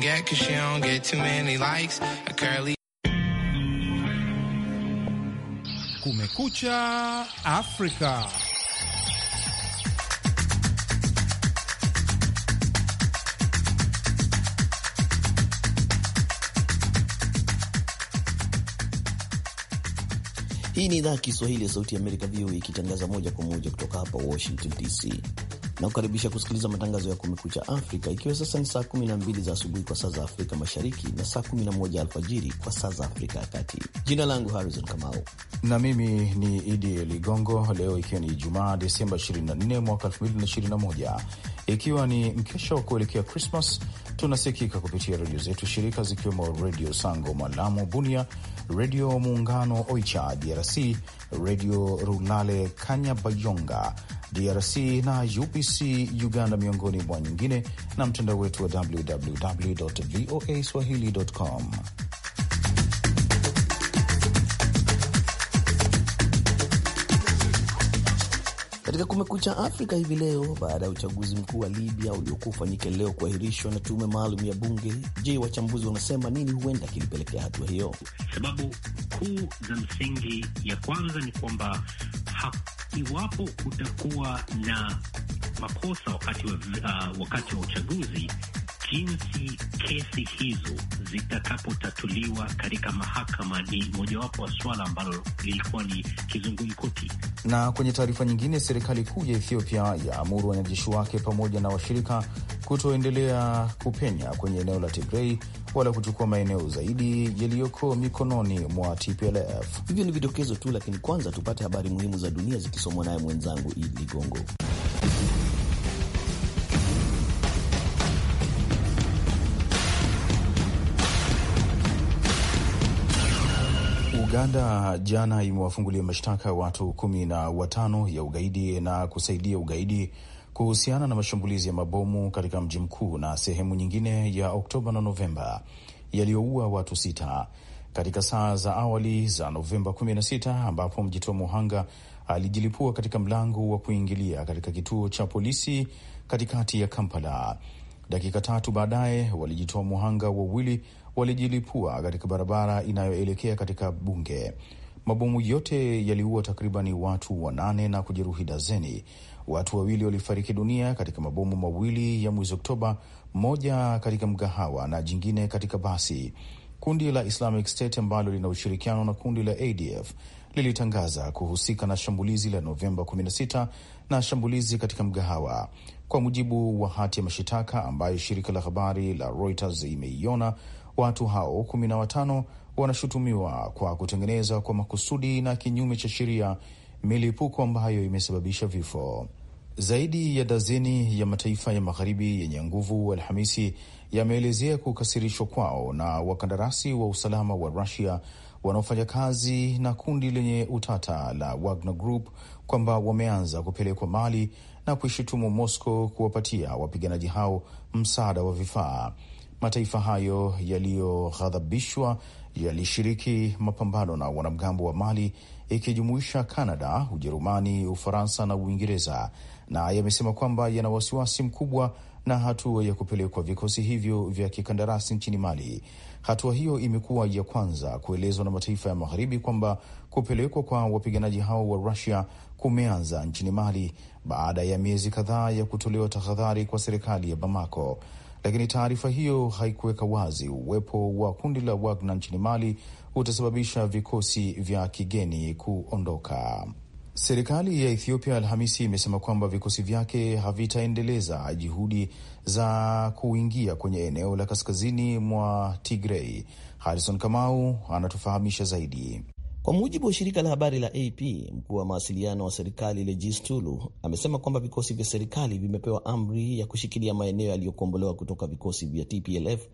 don't get cause she don't get too many likes. A curly e- Kumekucha africa Hii ni idhaa ya Kiswahili ya Sauti ya Amerika, VOA, ikitangaza moja kwa moja kutoka hapa Washington DC na kukaribisha kusikiliza matangazo ya Kumekucha Afrika, ikiwa sasa ni saa 12 za asubuhi kwa saa za Afrika Mashariki na saa moja alfajiri kwa saa za Afrika ya Kati. Jina langu Harrison Kamau na mimi ni Idi Ligongo. Leo ikiwa ni Ijumaa, Desemba 24 mwaka 2021, ikiwa ni mkesha wa kuelekea Krismas. Tunasikika kupitia redio zetu shirika zikiwemo Redio Sango Malamu Bunia, Redio Muungano Oicha DRC, Redio Runale Kanyabayonga DRC na UPC Uganda, miongoni mwa nyingine, na mtandao wetu wa www voa swahili.com. Katika Kumekucha Afrika hivi leo, baada ya uchaguzi mkuu wa Libya uliokuwa ufanyike leo kuahirishwa na tume maalum ya bunge, je, wachambuzi wanasema nini huenda kilipelekea hatua hiyo? Sababu kuu za msingi ya kwanza ni kwamba iwapo kutakuwa na makosa wakati wa, uh, wakati wa uchaguzi jinsi kesi hizo zitakapotatuliwa katika mahakama ni mojawapo wa swala ambalo lilikuwa ni kizungumkuti. Na kwenye taarifa nyingine, serikali kuu ya Ethiopia yaamuru wanajeshi wake pamoja na washirika kutoendelea kupenya kwenye eneo la Tigrei wala kuchukua maeneo zaidi yaliyoko mikononi mwa TPLF. Hivyo ni vidokezo tu, lakini kwanza tupate habari muhimu za dunia zikisomwa naye mwenzangu Idi Ligongo. Uganda jana imewafungulia mashtaka watu kumi na watano ya ugaidi na kusaidia ugaidi kuhusiana na mashambulizi ya mabomu katika mji mkuu na sehemu nyingine ya Oktoba na Novemba yaliyoua watu sita katika saa za awali za Novemba 16 ambapo mjitoa muhanga alijilipua katika mlango wa kuingilia katika kituo cha polisi katikati ya Kampala. Dakika tatu baadaye walijitoa muhanga wawili walijilipua katika barabara inayoelekea katika bunge. Mabomu yote yaliua takribani watu wanane na kujeruhi dazeni. Watu wawili walifariki dunia katika mabomu mawili ya mwezi Oktoba, moja katika mgahawa na jingine katika basi. Kundi la Islamic State ambalo lina ushirikiano na kundi la ADF lilitangaza kuhusika na shambulizi la Novemba 16 na shambulizi katika mgahawa, kwa mujibu wa hati ya mashitaka ambayo shirika la habari la Reuters imeiona. Watu hao kumi na watano wanashutumiwa kwa kutengeneza kwa makusudi na kinyume cha sheria milipuko ambayo imesababisha vifo. Zaidi ya dazeni ya mataifa ya magharibi yenye nguvu Alhamisi yameelezea kukasirishwa kwao na wakandarasi wa usalama wa Rusia wanaofanya kazi na kundi lenye utata la Wagner Group kwamba wameanza kupelekwa Mali na kuishutumu Moscow kuwapatia wapiganaji hao msaada wa vifaa. Mataifa hayo yaliyoghadhabishwa yalishiriki mapambano na wanamgambo wa Mali ikijumuisha Kanada, Ujerumani, Ufaransa na Uingereza, na yamesema kwamba yana wasiwasi mkubwa na hatua ya kupelekwa vikosi hivyo vya kikandarasi nchini Mali. Hatua hiyo imekuwa ya kwanza kuelezwa na mataifa ya magharibi kwamba kupelekwa kwa wapiganaji hao wa Rusia kumeanza nchini Mali baada ya miezi kadhaa ya kutolewa tahadhari kwa serikali ya Bamako lakini taarifa hiyo haikuweka wazi uwepo wa kundi la Wagner nchini Mali utasababisha vikosi vya kigeni kuondoka. Serikali ya Ethiopia Alhamisi imesema kwamba vikosi vyake havitaendeleza juhudi za kuingia kwenye eneo la kaskazini mwa Tigrei. Harison Kamau anatufahamisha zaidi. Kwa mujibu wa shirika la habari la AP, mkuu wa mawasiliano wa serikali Legis Tulu amesema kwamba vikosi vya serikali vimepewa amri ya kushikilia maeneo yaliyokombolewa kutoka vikosi vya TPLF,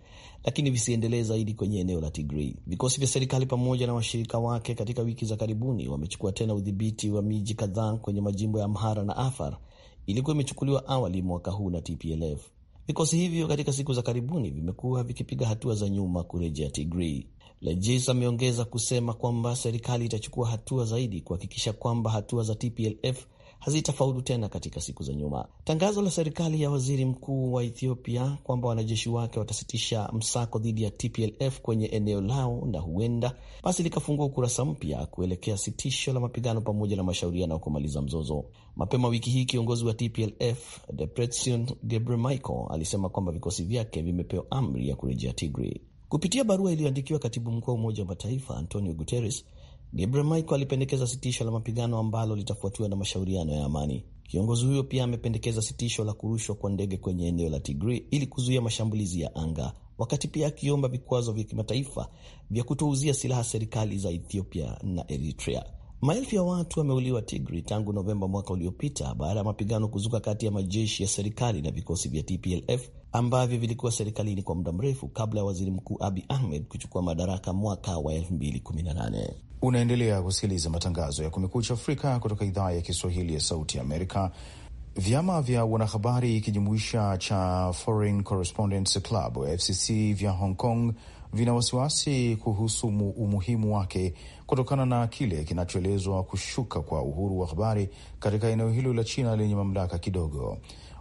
lakini visiendelee zaidi kwenye eneo la Tigrei. Vikosi vya serikali pamoja na washirika wake katika wiki za karibuni wamechukua tena udhibiti wa miji kadhaa kwenye majimbo ya Amhara na Afar ilikuwa imechukuliwa awali mwaka huu na TPLF. Vikosi hivyo katika siku za karibuni vimekuwa vikipiga hatua za nyuma kurejea Tigrei. Legis ameongeza kusema kwamba serikali itachukua hatua zaidi kuhakikisha kwamba hatua za TPLF hazitafaulu tena katika siku za nyuma. Tangazo la serikali ya waziri mkuu wa Ethiopia kwamba wanajeshi wake watasitisha msako dhidi ya TPLF kwenye eneo lao na huenda basi likafungua ukurasa mpya kuelekea sitisho la mapigano pamoja na mashauriano ya kumaliza mzozo. Mapema wiki hii kiongozi wa TPLF Debretsion Gebremichael alisema kwamba vikosi vyake vimepewa amri ya kurejea Tigray. Kupitia barua iliyoandikiwa katibu mkuu wa Umoja wa Mataifa Antonio Guterres, Gabriel Michael alipendekeza sitisho la mapigano ambalo litafuatiwa na mashauriano ya amani. Kiongozi huyo pia amependekeza sitisho la kurushwa kwa ndege kwenye eneo la Tigray ili kuzuia mashambulizi ya anga, wakati pia akiomba vikwazo vya kimataifa vya kutouzia silaha serikali za Ethiopia na Eritrea. Maelfu ya watu wameuliwa Tigri tangu Novemba mwaka uliopita baada ya mapigano kuzuka kati ya majeshi ya serikali na vikosi vya TPLF ambavyo vilikuwa serikalini kwa muda mrefu kabla ya waziri mkuu Abi Ahmed kuchukua madaraka mwaka wa 2018. Unaendelea kusikiliza matangazo ya Kumekucha Afrika kutoka idhaa ya Kiswahili ya Sauti Amerika. Vyama vya wanahabari ikijumuisha cha Foreign Correspondents Club FCC vya Hong Kong vina wasiwasi kuhusu umuhimu wake kutokana na kile kinachoelezwa kushuka kwa uhuru wa habari katika eneo hilo la China lenye mamlaka kidogo.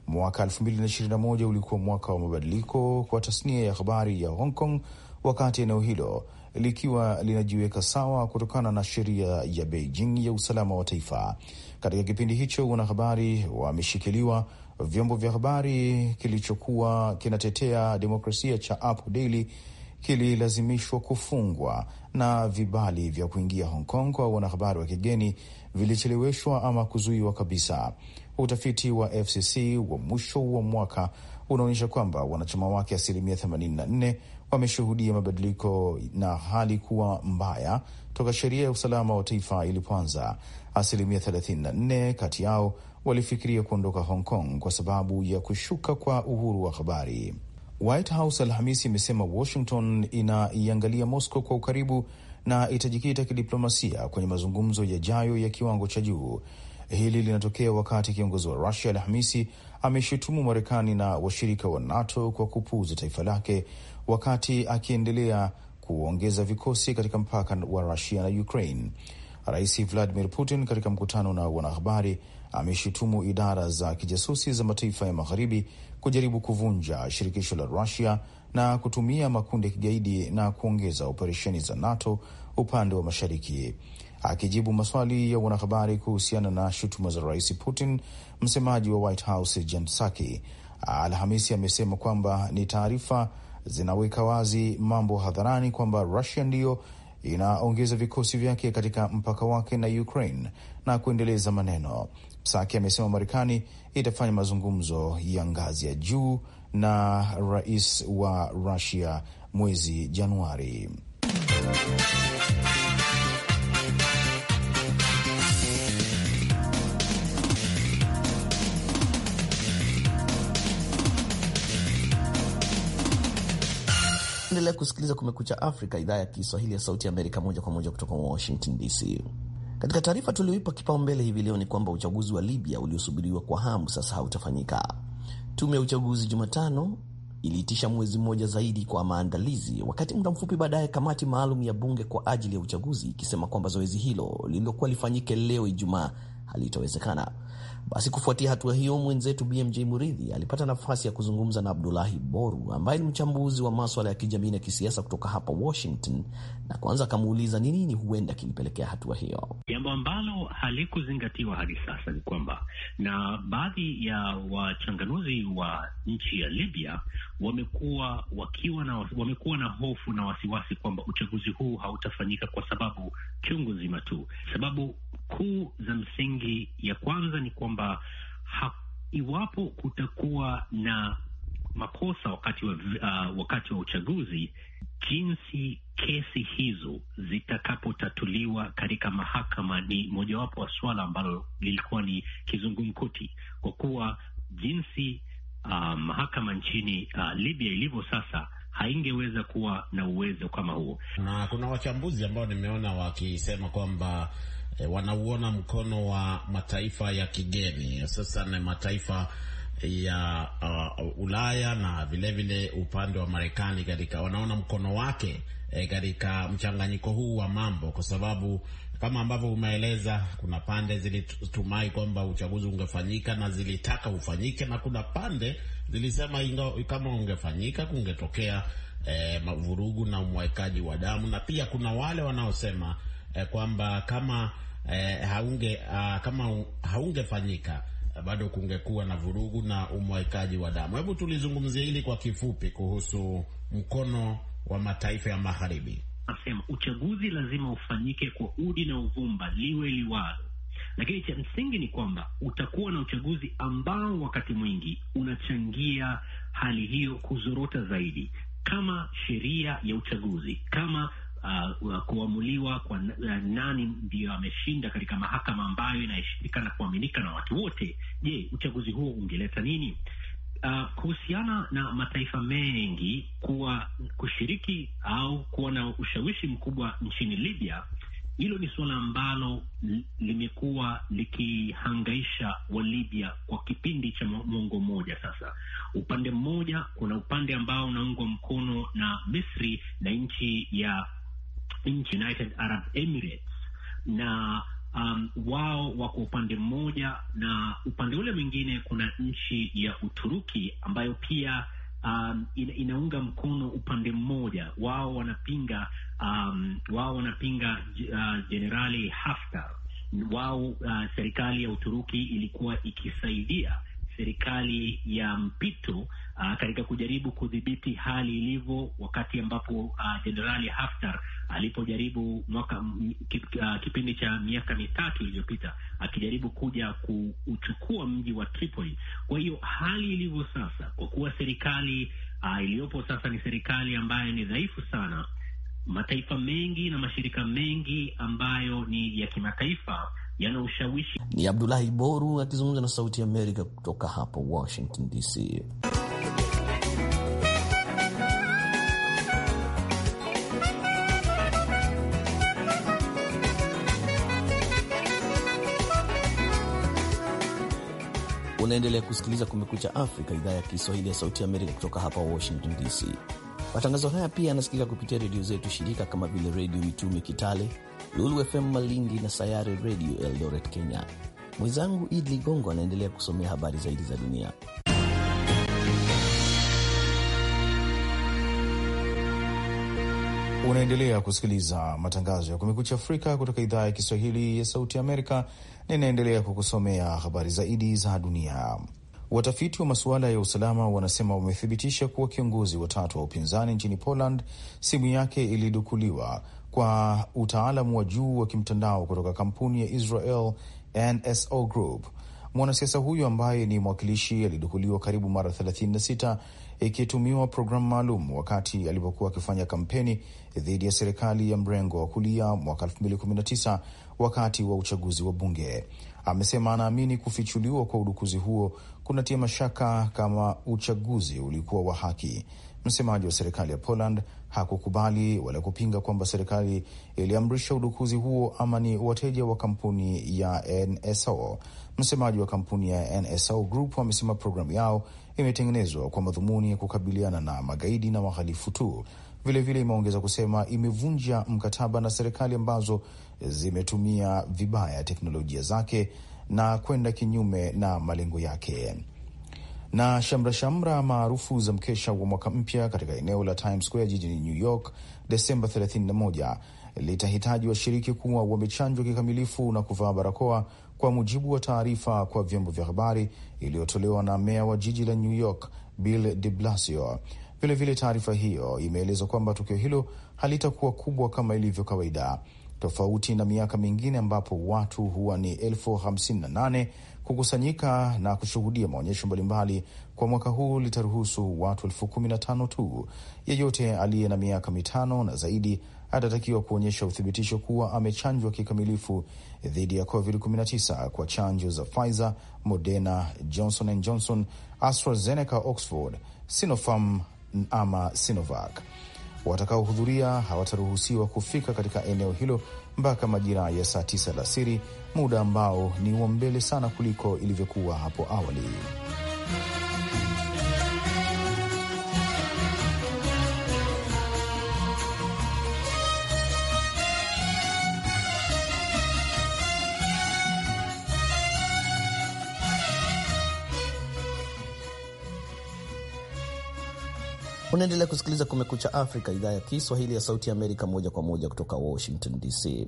Mwaka 2021 ulikuwa mwaka wa mabadiliko kwa tasnia ya habari ya Hong Kong, wakati eneo hilo likiwa linajiweka sawa kutokana na sheria ya Beijing ya usalama wa taifa. Katika kipindi hicho, wanahabari wameshikiliwa vyombo vya habari kilichokuwa kinatetea demokrasia cha Apple Daily kililazimishwa kufungwa na vibali vya kuingia Hong Kong kwa wanahabari wa kigeni vilicheleweshwa ama kuzuiwa kabisa. Utafiti wa FCC wa mwisho wa mwaka unaonyesha kwamba wanachama wake asilimia 84 wameshuhudia mabadiliko na hali kuwa mbaya toka sheria ya usalama wa taifa ilipoanza. Asilimia 34 kati yao walifikiria kuondoka Hong Kong kwa sababu ya kushuka kwa uhuru wa habari. White House Alhamisi imesema Washington inaiangalia Moscow kwa ukaribu na itajikita kidiplomasia kwenye mazungumzo yajayo ya kiwango cha juu. Hili linatokea wakati kiongozi wa Rusia Alhamisi ameshutumu Marekani na washirika wa NATO kwa kupuuza taifa lake wakati akiendelea kuongeza vikosi katika mpaka wa Rusia na Ukraine. Rais Vladimir Putin katika mkutano na wanahabari ameshutumu idara za kijasusi za mataifa ya magharibi kujaribu kuvunja shirikisho la Rusia na kutumia makundi ya kigaidi na kuongeza operesheni za NATO upande wa mashariki. Akijibu maswali ya wanahabari kuhusiana na shutuma za Rais Putin, msemaji wa White House Jen Psaki Alhamisi amesema kwamba ni taarifa zinaweka wazi mambo hadharani kwamba Rusia ndiyo inaongeza vikosi vyake katika mpaka wake na Ukraine na kuendeleza maneno saki amesema Marekani itafanya mazungumzo ya ngazi ya juu na rais wa Rusia mwezi Januari. Endelea kusikiliza Kumekucha Afrika, idhaa ya Kiswahili ya Sauti ya Amerika, moja kwa moja kutoka Washington DC. Katika taarifa tulioipa kipaumbele hivi leo ni kwamba uchaguzi wa Libya uliosubiriwa kwa hamu sasa hautafanyika. Tume ya uchaguzi Jumatano iliitisha mwezi mmoja zaidi kwa maandalizi, wakati muda mfupi baadaye kamati maalum ya bunge kwa ajili ya uchaguzi ikisema kwamba zoezi hilo lililokuwa lifanyike leo Ijumaa halitawezekana. Basi kufuatia hatua hiyo, mwenzetu BMJ Muridhi alipata nafasi ya kuzungumza na Abdulahi Boru ambaye ni mchambuzi wa maswala ya kijamii na kisiasa kutoka hapa Washington, na kwanza akamuuliza ni nini huenda kilipelekea hatua hiyo. Jambo ambalo halikuzingatiwa hadi sasa ni kwamba, na baadhi ya wachanganuzi wa nchi ya Libya wamekuwa wakiwa na wamekuwa na hofu na wasiwasi kwamba uchaguzi huu hautafanyika kwa sababu chungu nzima tu. Sababu kuu za msingi ya kwanza ni kwamba ha, iwapo kutakuwa na makosa wakati wa, uh, wakati wa uchaguzi, jinsi kesi hizo zitakapotatuliwa katika mahakama ni mojawapo wa suala ambalo lilikuwa ni kizungumkuti, kwa kuwa jinsi uh, mahakama nchini uh, Libya ilivyo sasa haingeweza kuwa na uwezo kama huo. Na kuna wachambuzi ambao nimeona wakisema kwamba e, wanauona mkono wa mataifa ya kigeni hususan mataifa ya uh, Ulaya na vilevile upande wa Marekani katika wanaona mkono wake e, katika mchanganyiko huu wa mambo kwa sababu kama ambavyo umeeleza, kuna pande zilitumai kwamba uchaguzi ungefanyika na zilitaka ufanyike, na kuna pande zilisema ingo, kama ungefanyika kungetokea eh, vurugu na umwekaji wa damu, na pia kuna wale wanaosema eh, kwamba kama eh, haunge ah, kama haungefanyika bado kungekuwa na vurugu na umwaikaji wa damu. Hebu tulizungumzia hili kwa kifupi, kuhusu mkono wa mataifa ya magharibi anasema uchaguzi lazima ufanyike kwa udi na uvumba, liwe liwalo, lakini cha msingi ni kwamba utakuwa na uchaguzi ambao wakati mwingi unachangia hali hiyo kuzorota zaidi, kama sheria ya uchaguzi, kama uh, kuamuliwa kwa uh, nani ndiyo ameshinda katika mahakama ambayo inaheshimika na kuaminika na watu wote. Je, uchaguzi huo ungeleta nini? uh, kuhusiana na mataifa mengi kuwa kushiriki au kuwa na ushawishi mkubwa nchini Libya, hilo ni suala ambalo limekuwa likihangaisha Walibya kwa kipindi cha mwongo mmoja sasa. Upande mmoja, kuna upande ambao unaungwa mkono na Misri na nchi ya nchi United Arab Emirates na um, wao wako upande mmoja na upande ule mwingine kuna nchi ya Uturuki ambayo pia um, inaunga mkono upande mmoja. Wao wanapinga um, wao wanapinga jenerali uh, Haftar. Wao uh, serikali ya Uturuki ilikuwa ikisaidia serikali ya mpito uh, katika kujaribu kudhibiti hali ilivyo, wakati ambapo jenerali uh, Haftar alipojaribu mwaka uh, kipindi cha miaka mitatu iliyopita akijaribu kuja kuuchukua mji wa Tripoli. Kwa hiyo hali ilivyo sasa, kwa kuwa serikali uh, iliyopo sasa ni serikali ambayo ni dhaifu sana, mataifa mengi na mashirika mengi ambayo ni ya kimataifa yana ushawishi. Ni Abdulahi Boru akizungumza na Sauti ya Amerika kutoka hapa Washington DC. Unaendelea kusikiliza Kumekucha Afrika, idhaa ya Kiswahili ya Sauti ya Amerika kutoka hapa Washington DC. Matangazo haya pia yanasikika kupitia redio zetu shirika kama vile Redio Mitume Kitale, Lulu FM Malindi na Sayari Radio Eldoret, Kenya. Mwenzangu Id Ligongo anaendelea kusomea habari zaidi za dunia. Unaendelea kusikiliza matangazo ya Kumekucha Afrika kutoka idhaa ya Kiswahili ya Sauti Amerika, na inaendelea kukusomea habari zaidi za dunia. Watafiti wa masuala ya usalama wanasema wamethibitisha kuwa kiongozi watatu wa upinzani nchini Poland simu yake ilidukuliwa kwa utaalamu wa juu wa kimtandao kutoka kampuni ya Israel NSO Group. Mwanasiasa huyu ambaye ni mwakilishi alidukuliwa karibu mara 36 ikitumiwa programu maalum wakati alipokuwa akifanya kampeni dhidi ya serikali ya mrengo wa kulia mwaka 2019 wakati wa uchaguzi wa bunge. Amesema anaamini kufichuliwa kwa udukuzi huo kunatia mashaka kama uchaguzi ulikuwa wa haki. Msemaji wa serikali ya Poland hakukubali wala kupinga kwamba serikali iliamrisha udukuzi huo ama ni wateja wa kampuni ya NSO. Msemaji wa kampuni ya NSO Group amesema programu yao imetengenezwa kwa madhumuni ya kukabiliana na magaidi na wahalifu tu. Vilevile imeongeza kusema imevunja mkataba na serikali ambazo zimetumia vibaya teknolojia zake na kwenda kinyume na malengo yake na shamrashamra maarufu za mkesha wa mwaka mpya katika eneo la Times Square jijini New York Desemba 31 litahitaji washiriki kuwa wamechanjwa kikamilifu na kuvaa barakoa, kwa mujibu wa taarifa kwa vyombo vya habari iliyotolewa na meya wa jiji la New York Bill de Blasio. Vilevile, taarifa hiyo imeeleza kwamba tukio hilo halitakuwa kubwa kama ilivyo kawaida tofauti na miaka mingine ambapo watu huwa ni elfu hamsini na nane kukusanyika na kushuhudia maonyesho mbalimbali. Kwa mwaka huu litaruhusu watu elfu kumi na tano tu. Yeyote aliye na miaka mitano na zaidi atatakiwa kuonyesha uthibitisho kuwa amechanjwa kikamilifu dhidi ya COVID-19 kwa chanjo za Pfizer, Moderna, Johnson and Johnson, AstraZeneca, Oxford, Sinopharm ama Sinovac. Watakaohudhuria hawataruhusiwa kufika katika eneo hilo mpaka majira ya saa tisa alasiri, muda ambao ni wa mbele sana kuliko ilivyokuwa hapo awali. Unaendelea kusikiliza Kumekucha Afrika, idhaa ya Kiswahili ya Sauti Amerika, moja kwa moja kutoka Washington DC.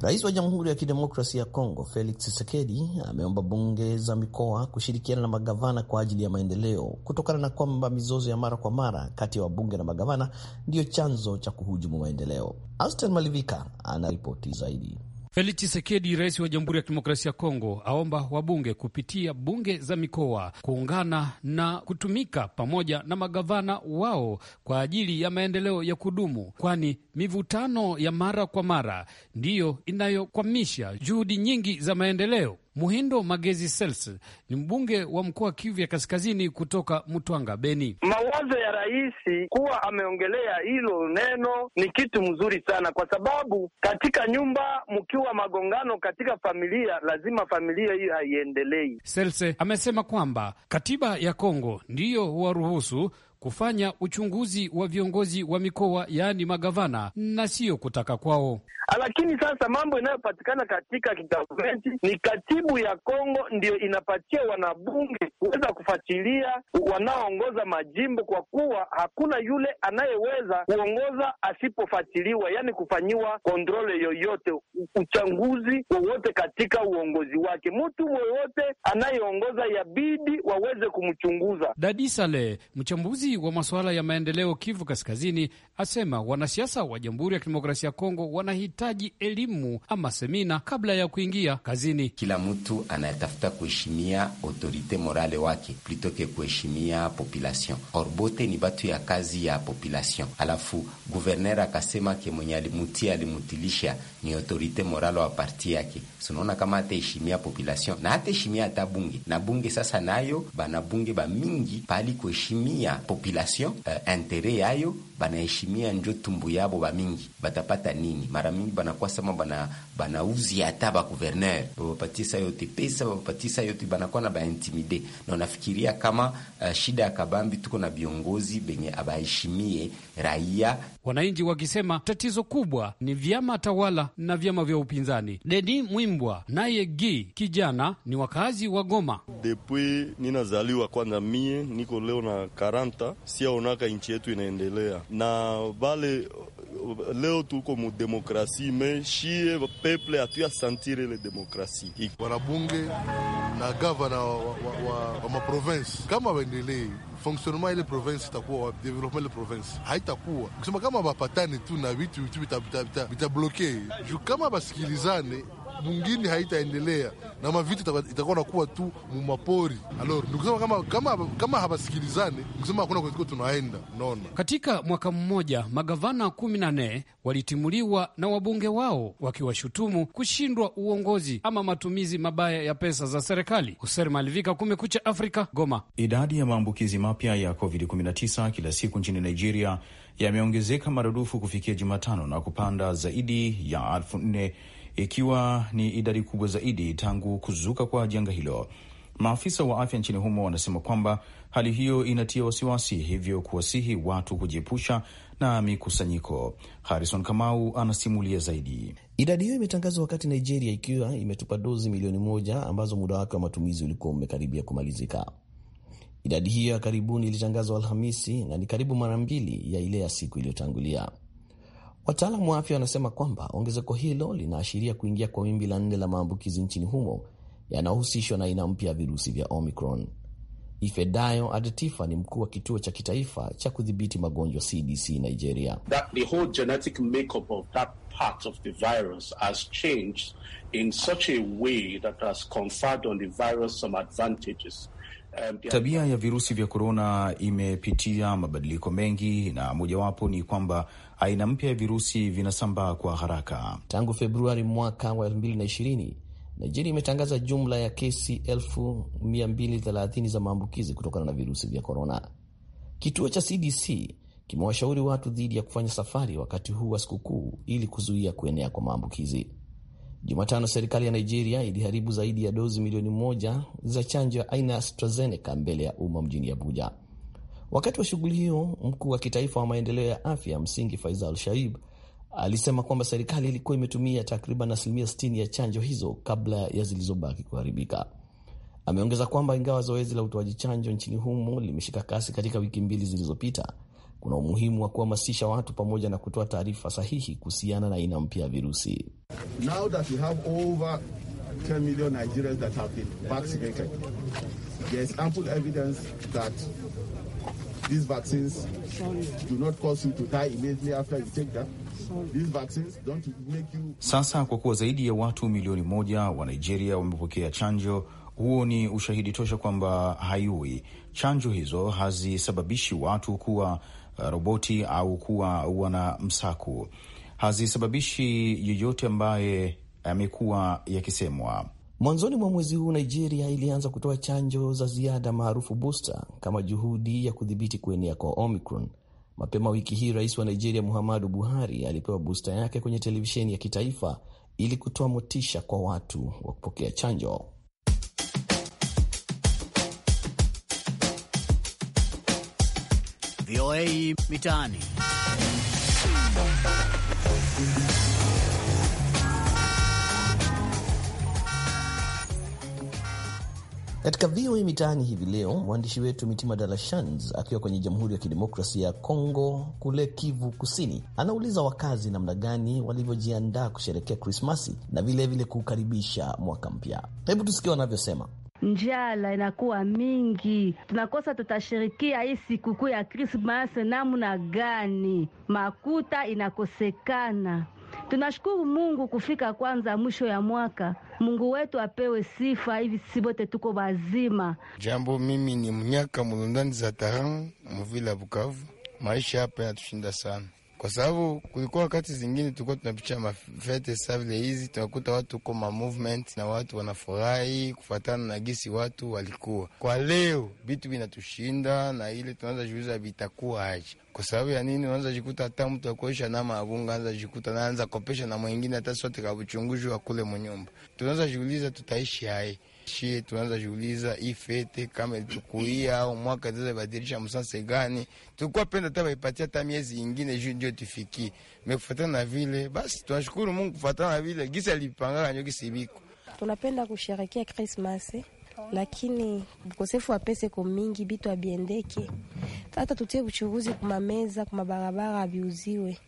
Rais wa Jamhuri ya Kidemokrasia ya Kongo Felix Tshisekedi ameomba bunge za mikoa kushirikiana na magavana kwa ajili ya maendeleo kutokana na kwamba mizozo ya mara kwa mara kati ya wabunge na magavana ndiyo chanzo cha kuhujumu maendeleo. Austin Malivika anaripoti zaidi. Felix chisekedi rais wa Jamhuri ya Kidemokrasia ya Kongo, aomba wabunge kupitia bunge za mikoa kuungana na kutumika pamoja na magavana wao kwa ajili ya maendeleo ya kudumu, kwani mivutano ya mara kwa mara ndiyo inayokwamisha juhudi nyingi za maendeleo. Muhindo Magezi Sels ni mbunge wa mkoa wa Kivu ya Kaskazini kutoka Mtwanga, Beni. Mawazo ya rais kuwa ameongelea hilo neno ni kitu mzuri sana, kwa sababu katika nyumba mkiwa magongano katika familia, lazima familia hiyo haiendelei. Selse amesema kwamba katiba ya Kongo ndiyo huwaruhusu kufanya uchunguzi wa viongozi wa mikoa, yaani magavana, na sio kutaka kwao. Ah, lakini sasa mambo inayopatikana katika kigavumenti ni katibu ya Kongo ndiyo inapatia wanabunge kuweza kufuatilia wanaoongoza majimbo, kwa kuwa hakuna yule anayeweza kuongoza asipofuatiliwa, yaani kufanyiwa kontrole yoyote, uchanguzi wowote katika uongozi wake. Mtu wowote anayeongoza yabidi waweze kumchunguza. Dadisale mchambuzi wa masuala ya maendeleo Kivu Kaskazini asema wanasiasa wa Jamhuri ya Kidemokrasia ya Kongo wanahitaji elimu ama semina kabla ya kuingia kazini. Kila mtu anayetafuta kuheshimia autorite morale wake plitoke kuheshimia population, orbote ni batu ya kazi ya population. Alafu guverner akasema ke mwenye alimutia alimutilisha ni autorite morale wa parti yake, sunaona kama ataheshimia population na ataheshimia hata bunge na bunge sasa nayo banabunge bamingi pali kuheshimia population uh, intere yayo banaheshimia njo tumbu yabo bamingi batapata nini? Mara mingi banakuwa sama bana banauzi hata ba gouverneur babapatisa yote pesa babapatisa yote, banakuwa na baintimide na nafikiria kama uh, shida ya kabambi tuko na viongozi benye abaheshimie raia wananchi wakisema tatizo kubwa ni vyama tawala na vyama vya upinzani. Deni Mwimbwa naye gi kijana ni wakazi wa Goma. Depuis ninazaliwa kwanza, mie niko leo na karanta, siaonaka nchi yetu inaendelea na vale Leo tuko mu demokrasi me shie peple atuya santire le demokrasi. Wanabunge na gavana wa, wa, wa, wa maprovensi kama waendelee fonctionnement ile province itakuwa development ile province haitakuwa kusema kama wapatane tu na vitu vitu vitabloke juu kama basikilizane mwingine haitaendelea na mavita itakuwa nakuwa tu mumapori. Alors nikusema kama, kama, kama hawasikilizani kusema hakuna kwetu tunaenda. naona. katika mwaka mmoja magavana kumi na nne walitimuliwa na wabunge wao wakiwashutumu kushindwa uongozi ama matumizi mabaya ya pesa za serikali. Huser Malivika, Kumekucha Afrika, Goma. Idadi ya maambukizi mapya ya COVID-19 kila siku nchini Nigeria yameongezeka maradufu kufikia Jumatano na kupanda zaidi ya elfu nne ikiwa ni idadi kubwa zaidi tangu kuzuka kwa janga hilo. Maafisa wa afya nchini humo wanasema kwamba hali hiyo inatia wasiwasi, hivyo kuwasihi watu kujiepusha na mikusanyiko. Harrison Kamau anasimulia zaidi. Idadi hiyo imetangazwa wakati Nigeria ikiwa imetupa dozi milioni moja ambazo muda wake wa matumizi ulikuwa umekaribia kumalizika. Idadi hiyo ya karibuni ilitangazwa Alhamisi na ni karibu mara mbili ya ile ya siku iliyotangulia. Wataalamu wa afya wanasema kwamba ongezeko hilo linaashiria kuingia kwa wimbi la nne la maambukizi nchini humo yanayohusishwa na aina mpya ya virusi vya Omicron. Ifedayo Adetifa ni mkuu wa kituo cha kitaifa cha kudhibiti magonjwa CDC Nigeria. Um, Tabia ya virusi vya korona imepitia mabadiliko mengi na mojawapo ni kwamba aina mpya ya virusi vinasambaa kwa haraka. Tangu Februari mwaka wa 2020 Nigeria imetangaza jumla ya kesi 1230 za maambukizi kutokana na virusi vya korona. Kituo cha CDC kimewashauri watu dhidi ya kufanya safari wakati huu wa sikukuu ili kuzuia kuenea kwa maambukizi. Jumatano serikali ya Nigeria iliharibu zaidi ya dozi milioni moja za chanjo ya aina ya AstraZeneca mbele ya umma mjini Abuja. Wakati wa shughuli hiyo, mkuu wa kitaifa wa maendeleo ya afya msingi Faisal Shaib alisema kwamba serikali ilikuwa imetumia takriban asilimia 60 ya chanjo hizo kabla ya zilizobaki kuharibika. Ameongeza kwamba ingawa zoezi la utoaji chanjo nchini humo limeshika kasi katika wiki mbili zilizopita, kuna umuhimu wa kuhamasisha watu pamoja na kutoa taarifa sahihi kuhusiana na aina mpya ya virusi. Now that we have over 10 million Nigerians that have been vaccinated, there is ample evidence that these vaccines do not cause you to die immediately after you take them. Sasa kwa kuwa zaidi ya watu milioni moja wa Nigeria wamepokea chanjo, huo ni ushahidi tosha kwamba haiui chanjo hizo hazisababishi watu kuwa Eh, roboti au kuwa wana msaku hazisababishi yoyote ambaye amekuwa yakisemwa. Mwanzoni mwa mwezi huu Nigeria ilianza kutoa chanjo za ziada maarufu booster kama juhudi ya kudhibiti kuenea kwa Omicron. Mapema wiki hii rais wa Nigeria Muhammadu Buhari alipewa booster yake kwenye televisheni ya kitaifa ili kutoa motisha kwa watu wa kupokea chanjo. VOA Mitaani. Katika VOA Mitaani hivi leo, mwandishi wetu Mitima Dalashans akiwa kwenye Jamhuri ya Kidemokrasia ya Kongo kule Kivu Kusini, anauliza wakazi namna gani walivyojiandaa kusherekea Krismasi na vilevile vile kuukaribisha mwaka mpya. Hebu tusikie wanavyosema njala inakuwa mingi, tunakosa tutashirikia hii sikukuu ya Krismasi namna gani? Makuta inakosekana. Tunashukuru Mungu kufika kwanza mwisho ya mwaka. Mungu wetu apewe sifa, hivi sisi wote tuko wazima. Jambo, mimi ni mnyaka mulundani za taran muvila Bukavu. Maisha hapa yanatushinda sana kwa sababu kulikuwa wakati zingine tulikuwa tunapicha mafete vile hizi, tunakuta watu uko ma movement na watu wanafurahi kufatana na gisi watu walikuwa. Kwa leo vitu vinatushinda na ile tunaanza jiuliza vitakuwa aje, kwa sababu ya nini? Unaanza jikuta hata mtu akuesha nama abunga anza jikuta naanza kopesha na mwingine, hata sote kabuchunguzi wa kule munyumba, tunaanza jiuliza tutaishi hai Shie tunaanza jiuliza hii fete kama ilitukuia au mwaka itaweza badilisha msanse gani? Tulikuwa penda hata waipatia hata miezi ingine juu ndio tufikie mekufuatana na vile. Basi tunashukuru Mungu kufuatana na vile gisa lipangaka nyo kisibiko. Tunapenda kusherekea Krismasi lakini ukosefu wa pesa ko mingi, bitu abiendeke, hata tutie kwa meza kwa barabara abiuziwe,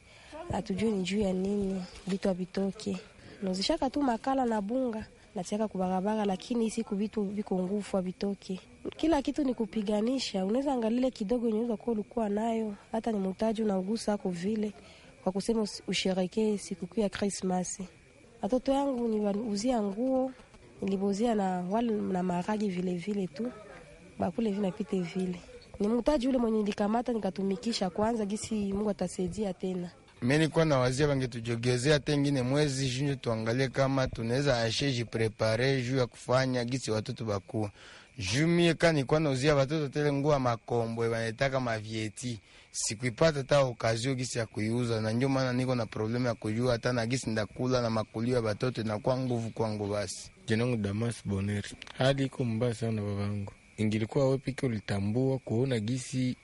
atujue ni juu ya nini bitu abitoke nozishaka tu makala na bunga nacheka kubarabara, lakini siku vitu viko ngufu vitoke. Kila kitu ni kupiganisha, unaweza angalile kidogo unaweza kuwa ulikuwa nayo, hata ni mtaji unaugusa ako vile kwa kusema usherekee sikukuu ya Krismasi. Watoto yangu niwauzia nguo, nilibozia na wale na maragi vile vile tu bakule vinapite vile, ni mtaji ule mwenye nilikamata nikatumikisha kwanza, gisi Mungu atasaidia tena mimi nilikuwa na wazia wange tujogezea tengine mwezi shinjo, tuangalie kama tunaweza ashe jiprepare juu ya kufanya gisi watoto bakuwa jumie ka nilikuwa nauzia watoto tele nguo makombwe wanataka mavieti, sikuipata ta okazio gisi ya kuiuza, na ndio maana niko na problemu ya kujua hata na gisi ndakula na makulio ya watoto inakuwa nguvu kwangu. Basi jina Damas Boneri, hali iko mbaya sana babangu, ingilikuwa wewe ulitambua kuona gisi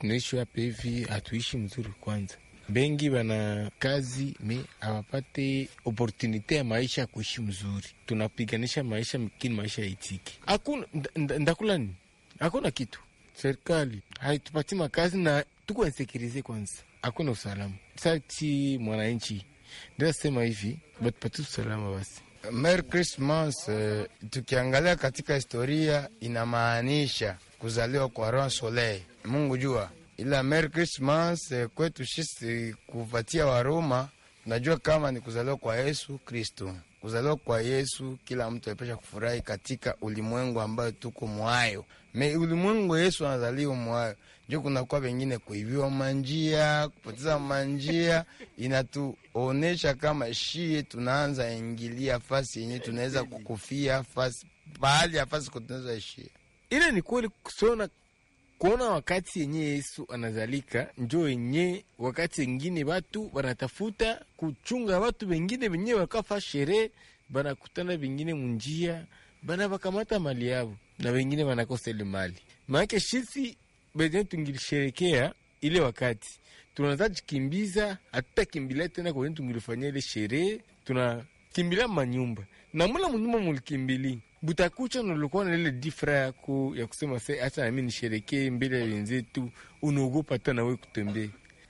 tunaishi hapa hivi, hatuishi mzuri kwanza bengi wana kazi me awapate oportunite ya maisha ya kuishi mzuri. Tunapiganisha maisha mikini, maisha yaitiki, hakuna ndakula nini, hakuna kitu. Serikali haitupati makazi na tuko insekirize kwanza, hakuna usalama sati mwananchi. Ndasema hivi batupati usalama basi Merry Christmas. Eh, tukiangalia katika historia inamaanisha kuzaliwa kwa Roi Soleil, Mungu jua ila Merry Christmas eh, kwetu sisi kuvatia Waroma, najua kama ni kuzaliwa kwa Yesu Kristo. Kuzaliwa kwa Yesu kila mtu apesha kufurahi katika ulimwengu ambayo tuko mwayo. Me ulimwengu Yesu anazaliwa mwayo, njo kunakuwa vengine kuiviwa manjia, kupoteza manjia, inatuonesha kama shie tunaanza ingilia fasi yenye tunaweza kukufia fasi pahali ya fasi kutunaweza shie. Ile ni kweli kusona kuona wakati yenye Yesu anazalika njo yenye wakati wengine watu wanatafuta kuchunga watu wengine wenye wakafa sherehe, banakutana vingine munjia, bana banabakamata mali yavo na wengine wanakosa ile mali. Maanake shisi benye tungilisherekea ile wakati tunaweza jikimbiza, hatutakimbilia tena kwenye tungilifanya ile sherehe, tunakimbilia manyumba na mula munyumba mulikimbili Butakucha nalikuwa na ile difra yako ya kusema se, acha nami nisherekee mbele ya wenzetu, unaogopa tena we kutembea.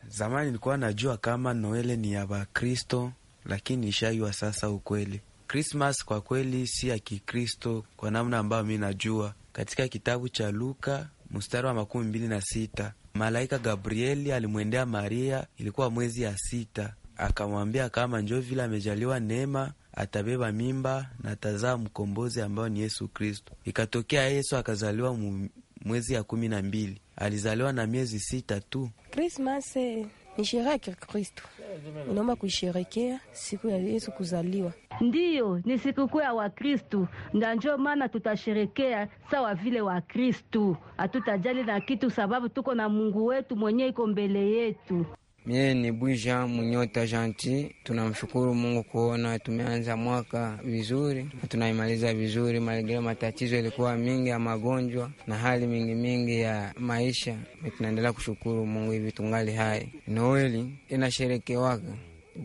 Zamani nilikuwa najua kama Noele ni ya Bakristo, lakini ishaiwa sasa ukweli. Krismas kwa kweli si ya Kikristo kwa namna ambayo mi najua. Katika kitabu cha Luka mstari wa makumi mbili na sita malaika Gabrieli alimwendea Maria, ilikuwa mwezi ya sita, akamwambia kama njo vile amejaliwa neema atabeba mimba na atazaa mkombozi ambayo ni Yesu Kristo. Ikatokea Yesu akazaliwa mu mwezi ya kumi na mbili, alizaliwa na miezi sita tu. Krismas eh, ni sherehe ya Kristo, unaomba kuisherekea siku ya Yesu kuzaliwa. Ndiyo, ni sikukuu ya Wakristu na njo maana tutasherekea sawa vile Wakristu, hatutajali na kitu sababu tuko na Mungu wetu mwenyewe iko mbele yetu. Mie ni Bwija Munyota Janti. Tunamshukuru Mungu kuona tumeanza mwaka vizuri na tunaimaliza vizuri, maligile matatizo ilikuwa mingi ya magonjwa na hali mingi mingi ya maisha. Tunaendelea kushukuru Mungu hivi tungali hai. Noeli inasherekewaka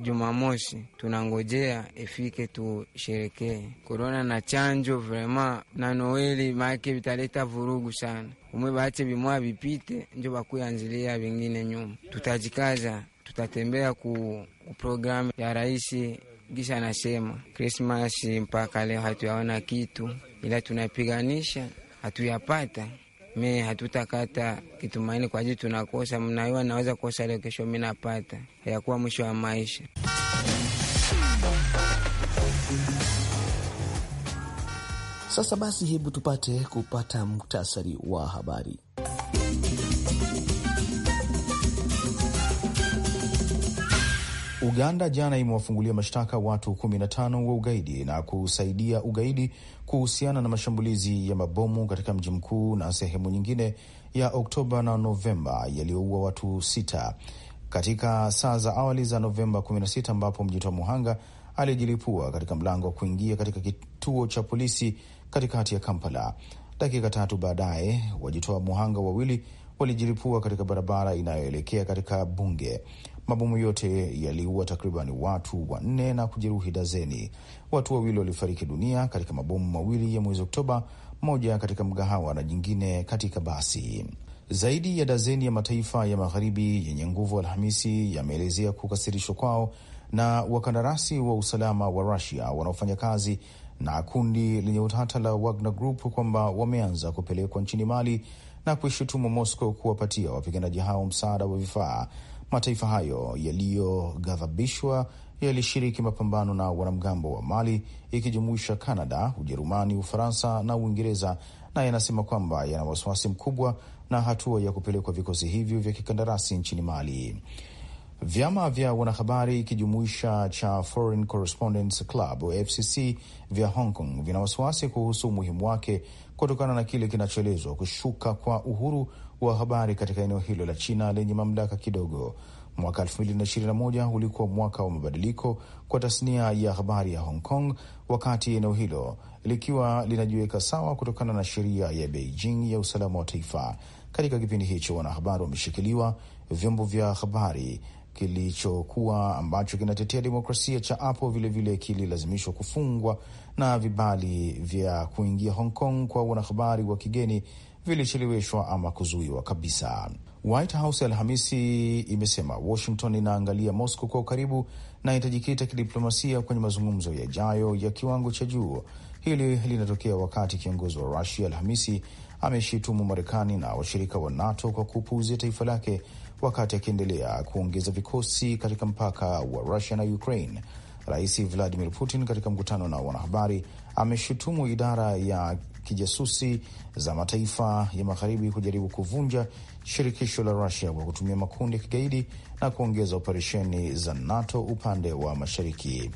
Jumamosi, tunangojea ifike tusherekee. Korona na chanjo vrema na Noeli maake vitaleta vurugu sana umwe baache bimwa bipite njo bakuyanzilia vingine nyuma. Tutajikaza, tutatembea ku, programu ya raisi gisha anasema Krismasi mpaka leo hatuyaona kitu, ila tunapiganisha hatuyapata. Mi hatutakata kitumaini kwa ajili tunakosa mnaiwa naweza kosa leo, kesho mi napata yakuwa mwisho wa maisha. Sasa basi, hebu tupate kupata muktasari wa habari. Uganda jana imewafungulia mashtaka watu 15 wa ugaidi na kusaidia ugaidi kuhusiana na mashambulizi ya mabomu katika mji mkuu na sehemu nyingine ya Oktoba na Novemba yaliyoua watu sita katika saa za awali za Novemba 16 ambapo mjitoa muhanga alijilipua katika mlango wa kuingia katika kituo cha polisi katikati ya Kampala. Dakika tatu baadaye wajitoa muhanga wawili walijiripua katika barabara inayoelekea katika bunge. Mabomu yote yaliua takriban watu wanne na kujeruhi dazeni. Watu wawili walifariki dunia katika mabomu mawili ya mwezi Oktoba, moja katika mgahawa na jingine katika basi. Zaidi ya dazeni ya mataifa ya magharibi yenye nguvu Alhamisi yameelezea kukasirishwa kwao na wakandarasi wa usalama wa Rusia wanaofanya kazi na kundi lenye utata la Wagner Group kwamba wameanza kupelekwa nchini Mali na kuishutumu Moscow kuwapatia wapiganaji hao msaada wa vifaa. Mataifa hayo yaliyoghadhabishwa yalishiriki mapambano na wanamgambo wa Mali ikijumuisha canada Ujerumani, Ufaransa na Uingereza, na yanasema kwamba yana wasiwasi mkubwa na hatua ya kupelekwa vikosi hivyo vya kikandarasi nchini Mali. Vyama vya wanahabari ikijumuisha cha Foreign Correspondents Club FCC vya Hong Kong vina wasiwasi kuhusu umuhimu wake kutokana na kile kinachoelezwa kushuka kwa uhuru wa habari katika eneo hilo la China lenye mamlaka kidogo. Mwaka 2021 ulikuwa mwaka wa mabadiliko kwa tasnia ya habari ya Hong Kong, wakati eneo hilo likiwa linajiweka sawa kutokana na sheria ya Beijing ya usalama wa taifa. Katika kipindi hicho, wanahabari wameshikiliwa, vyombo vya habari kilichokuwa ambacho kinatetea demokrasia cha apo vilevile kililazimishwa kufungwa na vibali vya kuingia Hong Kong kwa wanahabari wa kigeni vilicheleweshwa ama kuzuiwa kabisa. White House Alhamisi imesema Washington inaangalia Moscow kwa ukaribu na itajikita kidiplomasia kwenye mazungumzo yajayo ya kiwango cha juu. Hili linatokea wakati kiongozi wa Rusia Alhamisi ameshitumu Marekani na washirika wa NATO kwa kupuuzia taifa lake wakati akiendelea kuongeza vikosi katika mpaka wa Rusia na Ukraine. Rais Vladimir Putin katika mkutano na wanahabari ameshutumu idara ya kijasusi za mataifa ya magharibi kujaribu kuvunja shirikisho la Rusia kwa kutumia makundi ya kigaidi na kuongeza operesheni za NATO upande wa mashariki.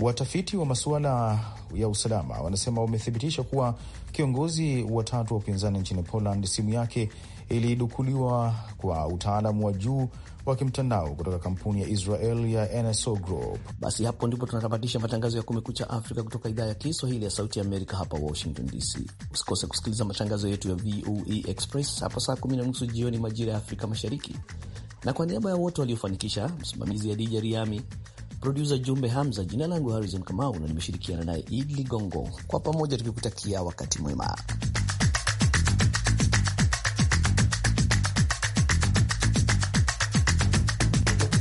Watafiti wa masuala ya usalama wanasema wamethibitisha kuwa kiongozi wa tatu wa upinzani nchini Poland simu yake ilidukuliwa kwa utaalamu wa juu wa kimtandao kutoka kampuni ya Israel ya NSO Group. Basi hapo ndipo tunatamatisha matangazo ya Kumekucha Afrika kutoka idhaa ya Kiswahili ya Sauti ya Amerika hapa Washington DC. Usikose kusikiliza matangazo yetu ya VOA e Express hapo saa kumi na nusu jioni majira ya Afrika Mashariki. Na kwa niaba ya wote waliofanikisha, msimamizi Adija Riami, produsa Jumbe Hamza, jina langu Harrison Kamau na nimeshirikiana naye idli gongo kwa pamoja tukikutakia wakati mwema.